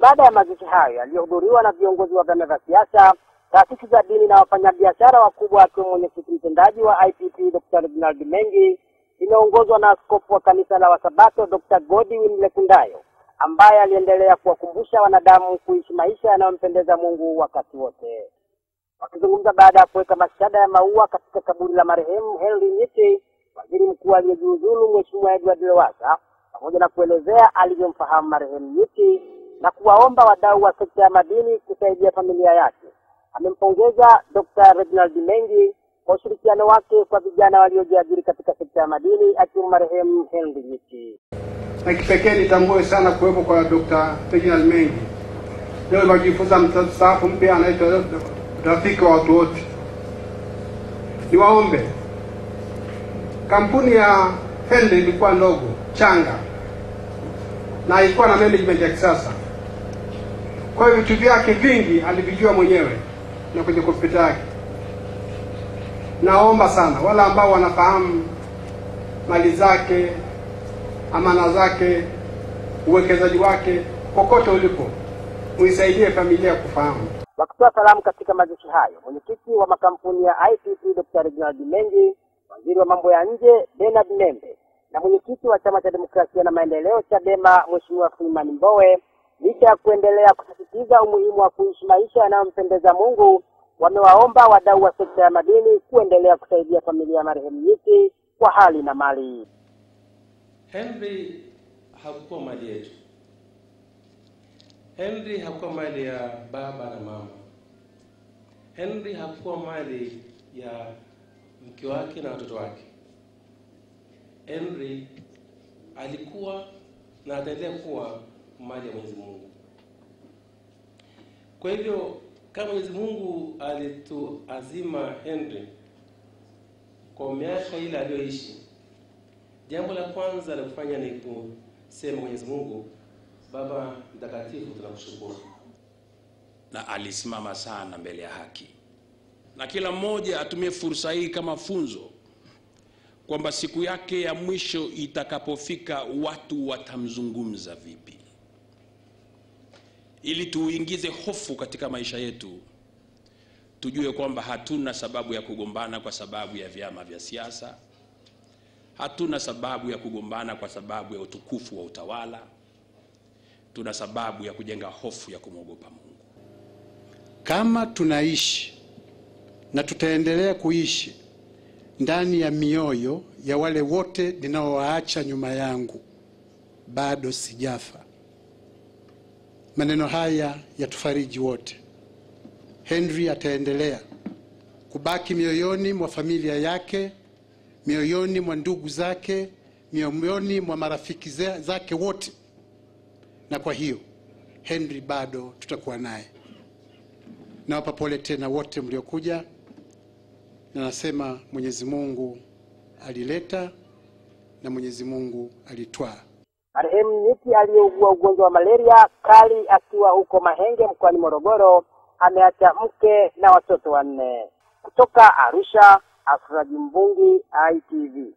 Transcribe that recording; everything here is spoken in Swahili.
Baada ya mazishi hayo yaliyohudhuriwa na viongozi wa vyama vya siasa, taasisi za dini na wafanyabiashara wakubwa, akiwa mwenyekiti mtendaji wa IPP Dr. Reginald Mengi, inaongozwa na askofu wa kanisa la Wasabato Dr. Godwin Lekundayo ambaye aliendelea kuwakumbusha wanadamu kuishi maisha yanayompendeza Mungu wakati wote. Wakizungumza baada ya kuweka mashada ya maua katika kaburi la marehemu Henry Nyiti, waziri mkuu aliyejiuzulu Mheshimiwa Edward Lowassa, pamoja na kuelezea alivyomfahamu marehemu Nyiti na kuwaomba wadau wa sekta ya madini kusaidia familia yake. Amempongeza Dr. Reginald Mengi kwa ushirikiano wake kwa vijana waliojiajiri katika sekta ya madini akiwa marehemu Henry Nyuki. Na kipekee nitambue sana kuwepo kwa Dr. Reginald Mengi. Leo nimejifunza mstaafu mpya anaitwa rafiki wa watu wote. Niwaombe, kampuni ya Henry ilikuwa ndogo changa na ilikuwa na management ya kisasa kwa hiyo vitu vyake vingi alivijua mwenyewe na kwenye kompyuta yake. Naomba sana wale ambao wanafahamu mali zake, amana zake, uwekezaji wake, kokote ulipo, uisaidie familia kufahamu. Wakitoa salamu katika mazishi hayo, mwenyekiti wa makampuni ya ICT Dr. Reginald Mengi, waziri wa mambo ya nje Bernard Membe na mwenyekiti wa chama cha demokrasia na maendeleo CHADEMA Mheshimiwa Freeman Mbowe Licha ya kuendelea kusisitiza umuhimu wa kuishi maisha yanayompendeza Mungu, wamewaomba wadau wa sekta ya madini kuendelea kusaidia familia ya marehemu Nyiki kwa hali na mali. Henry hakuwa mali yetu. Henry hakuwa mali ya baba na mama. Henry hakuwa mali ya mke wake na watoto wake. Henry alikuwa na ataendelea kuwa mali ya Mwenyezi Mungu. Kwa hivyo kama Mwenyezi Mungu alituazima Henry kwa miaka ile aliyoishi, jambo la kwanza la kufanya ni kusema Mwenyezi Mungu, Baba Mtakatifu, tunakushukuru. Na alisimama sana mbele ya haki, na kila mmoja atumie fursa hii kama funzo kwamba siku yake ya mwisho itakapofika watu watamzungumza vipi ili tuuingize hofu katika maisha yetu, tujue kwamba hatuna sababu ya kugombana kwa sababu ya vyama vya siasa, hatuna sababu ya kugombana kwa sababu ya utukufu wa utawala. Tuna sababu ya kujenga hofu ya kumwogopa Mungu. Kama tunaishi na tutaendelea kuishi ndani ya mioyo ya wale wote ninaowaacha nyuma yangu, bado sijafa. Maneno haya yatufariji wote. Henry ataendelea kubaki mioyoni mwa familia yake, mioyoni mwa ndugu zake, mioyoni mwa marafiki zake wote, na kwa hiyo Henry bado tutakuwa naye. Nawapa pole tena wote mliokuja, na nasema Mwenyezi Mungu alileta na Mwenyezi Mungu alitwaa. Marehemu Nyuki aliyeugua ugonjwa wa malaria kali akiwa huko Mahenge mkoani Morogoro ameacha mke na watoto wanne. Kutoka Arusha, afraji Mbungi, ITV.